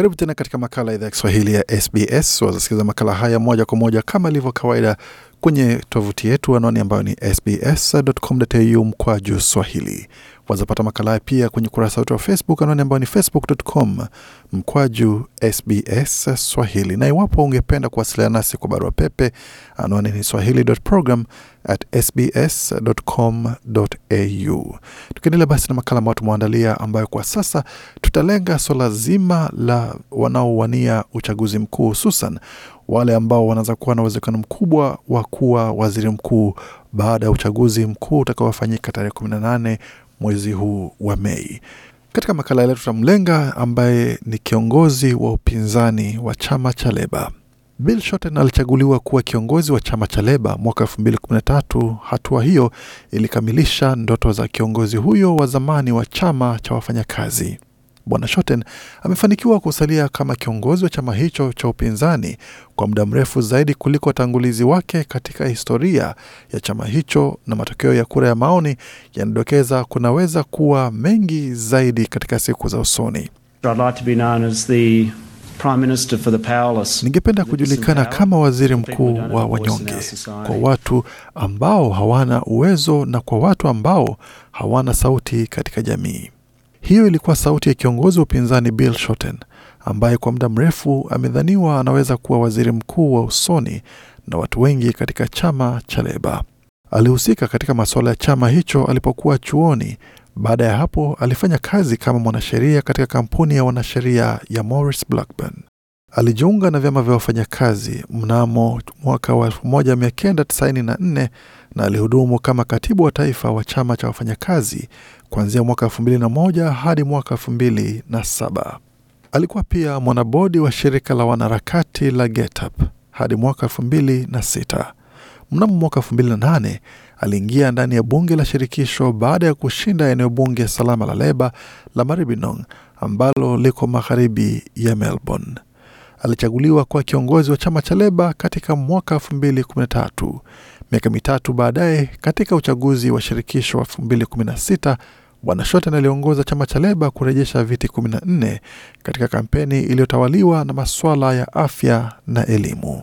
Karibu tena katika makala idhaa ya Kiswahili ya SBS. Wazasikiliza makala haya moja kwa moja kama ilivyo kawaida kwenye tovuti yetu, anwani ambayo ni sbs.com.au mkwaju swahili. Wazapata makala haya pia kwenye ukurasa wetu wa Facebook, anwani ambayo ni facebook.com mkwaju SBS Swahili. Na iwapo ungependa kuwasiliana nasi kwa barua pepe, anwani ni swahili.program at Tukiendelea basi na makala ambayo tumeandalia, ambayo kwa sasa tutalenga swala zima la wanaowania uchaguzi mkuu, hususan wale ambao wanaweza kuwa na uwezekano mkubwa wa kuwa waziri mkuu baada ya uchaguzi mkuu utakaofanyika tarehe 18 mwezi huu wa Mei. Katika makala ta tutamlenga ambaye ni kiongozi wa upinzani wa chama cha Leba. Bill Shorten alichaguliwa kuwa kiongozi wa chama cha Leba mwaka tatu. Hatua hiyo ilikamilisha ndoto za kiongozi huyo wa zamani wa chama cha wafanyakazi. Bwana Shoten amefanikiwa kusalia kama kiongozi wa chama hicho cha upinzani kwa muda mrefu zaidi kuliko watangulizi wake katika historia ya chama hicho, na matokeo ya kura ya maoni yanadokeza kunaweza kuwa mengi zaidi katika siku za usoni. Ningependa kujulikana kama waziri mkuu wa wanyonge, kwa watu ambao hawana uwezo na kwa watu ambao hawana sauti katika jamii. Hiyo ilikuwa sauti ya kiongozi wa upinzani Bill Shorten ambaye kwa muda mrefu amedhaniwa anaweza kuwa waziri mkuu wa usoni na watu wengi katika chama cha Leba. Alihusika katika masuala ya chama hicho alipokuwa chuoni. Baada ya hapo, alifanya kazi kama mwanasheria katika kampuni ya wanasheria ya Morris Blackburn. Alijiunga na vyama vya wafanyakazi mnamo mwaka wa 1994 na alihudumu kama katibu wa taifa wa chama cha wafanyakazi kuanzia mwaka moja hadi mwaka saba. Alikuwa pia mwanabodi wa shirika la wanaharakati la GetUp hadi mwaka sita. Mnamo mwaka nane aliingia ndani ya bunge la shirikisho baada ya kushinda eneo bunge salama la leba la maribinong ambalo liko magharibi ya Melbourne. Alichaguliwa kuwa kiongozi wa chama cha leba katika mwaka tatu Miaka mitatu baadaye, katika uchaguzi wa shirikisho wa 2016 Bwana Shorten aliongoza chama cha Leba kurejesha viti 14 katika kampeni iliyotawaliwa na maswala ya afya na elimu.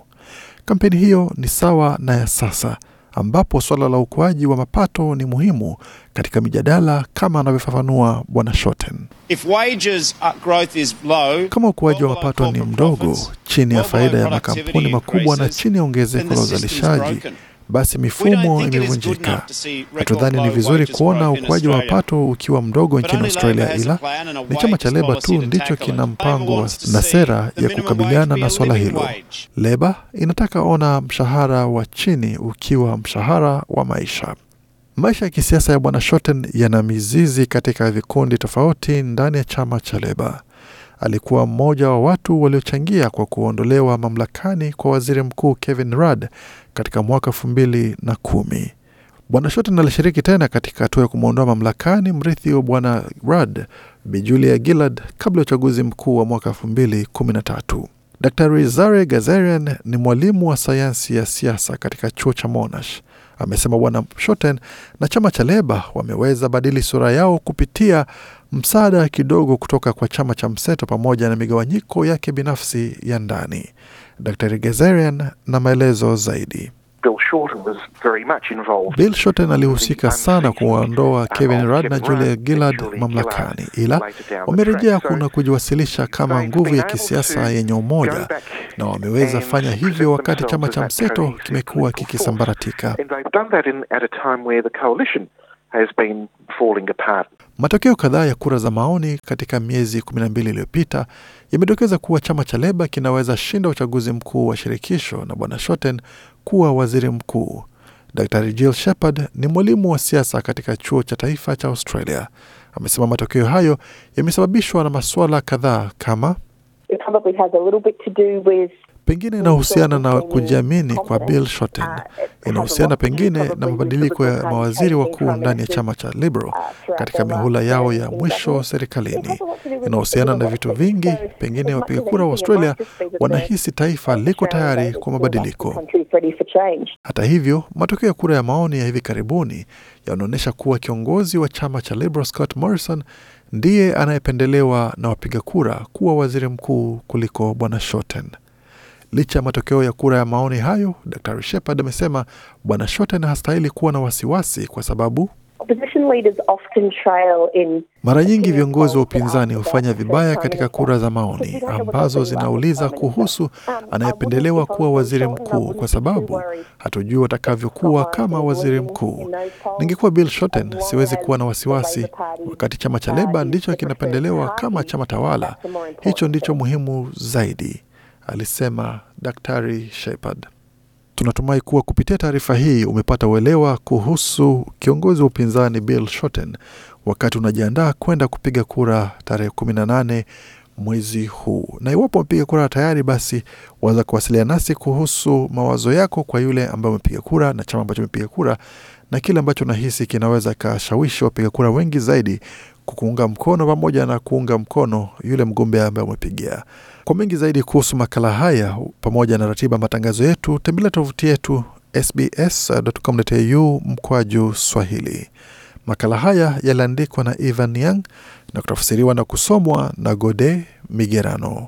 Kampeni hiyo ni sawa na ya sasa, ambapo swala la ukuaji wa mapato ni muhimu katika mijadala, kama anavyofafanua Bwana Shorten. Kama ukuaji wa mapato ni mdogo, chini ya faida ya makampuni makubwa na chini ya ongezeko la uzalishaji basi mifumo imevunjika. Hatudhani ni vizuri kuona ukuaji wa mapato ukiwa mdogo nchini Australia, ila ni chama cha Leba tu ndicho kina mpango na sera ya kukabiliana na swala hilo. Leba inataka ona mshahara wa chini ukiwa mshahara wa maisha. Maisha ya kisiasa ya Bwana Shorten yana mizizi katika vikundi tofauti ndani ya chama cha Leba alikuwa mmoja wa watu waliochangia kwa kuondolewa mamlakani kwa waziri mkuu Kevin Rudd katika mwaka elfu mbili na kumi. Bwana Shorten alishiriki tena katika hatua ya kumwondoa mamlakani mrithi wa bwana Rudd, Bi Julia Gillard, kabla ya uchaguzi mkuu wa mwaka elfu mbili kumi na tatu. Daktari Zare Gazarian ni mwalimu wa sayansi ya siasa katika chuo cha Monash. Amesema bwana Shorten na chama cha Leba wameweza badili sura yao kupitia msaada kidogo kutoka kwa chama cha mseto pamoja na migawanyiko yake binafsi ya ndani. Dr Gazarian na maelezo zaidi. Bill Shorten alihusika sana kuwaondoa Kevin Rudd na Julia Gillard mamlakani, ila wamerejea kuna kujiwasilisha kama nguvu ya kisiasa yenye umoja, na wameweza fanya hivyo wakati chama cha mseto kimekuwa kikisambaratika has been falling apart. Matokeo kadhaa ya kura za maoni katika miezi kumi na mbili iliyopita yamedokeza kuwa chama cha Leba kinaweza shinda uchaguzi mkuu wa shirikisho na bwana Shoten kuwa waziri mkuu. Dr Jill Shepard ni mwalimu wa siasa katika chuo cha taifa cha Australia. Amesema matokeo hayo yamesababishwa na masuala kadhaa kama It pengine inahusiana na kujiamini kwa Bill Shorten, inahusiana pengine na mabadiliko ya mawaziri wakuu ndani ya chama cha Liberal katika mihula yao ya mwisho serikalini, inahusiana na vitu vingi. Pengine wapiga kura wa Australia wanahisi taifa liko tayari kwa mabadiliko. Hata hivyo, matokeo ya kura ya maoni ya hivi karibuni yanaonyesha kuwa kiongozi wa chama cha Liberal Scott Morrison ndiye anayependelewa na wapiga kura kuwa waziri mkuu kuliko bwana Shorten. Licha ya matokeo ya kura ya maoni hayo, Dr Shepard amesema Bwana Shorten hastahili kuwa na wasiwasi kwa sababu mara nyingi viongozi wa upinzani hufanya vibaya katika kura za maoni ambazo zinauliza kuhusu um, anayependelewa kuwa waziri mkuu, kwa sababu hatujui watakavyokuwa kama waziri mkuu. Ningekuwa Bill Shorten, siwezi kuwa na wasiwasi, wakati chama cha Leba ndicho kinapendelewa kama chama tawala. Hicho ndicho muhimu zaidi alisema Daktari Shepard. Tunatumai kuwa kupitia taarifa hii umepata uelewa kuhusu kiongozi wa upinzani Bill Shorten wakati unajiandaa kwenda kupiga kura tarehe 18 mwezi huu, na iwapo umepiga kura tayari, basi waweza kuwasilia nasi kuhusu mawazo yako kwa yule ambaye umepiga kura na chama ambacho umepiga kura na kile ambacho unahisi kinaweza kashawishi wapiga kura wengi zaidi kukuunga mkono pamoja na kuunga mkono yule mgombea ambaye umepigia. Kwa mengi zaidi kuhusu makala haya pamoja na ratiba matangazo yetu, tembelea tovuti yetu sbs.com.au mkwaju Swahili. Makala haya yaliandikwa na Evan Young na kutafsiriwa na kusomwa na Gode Migerano.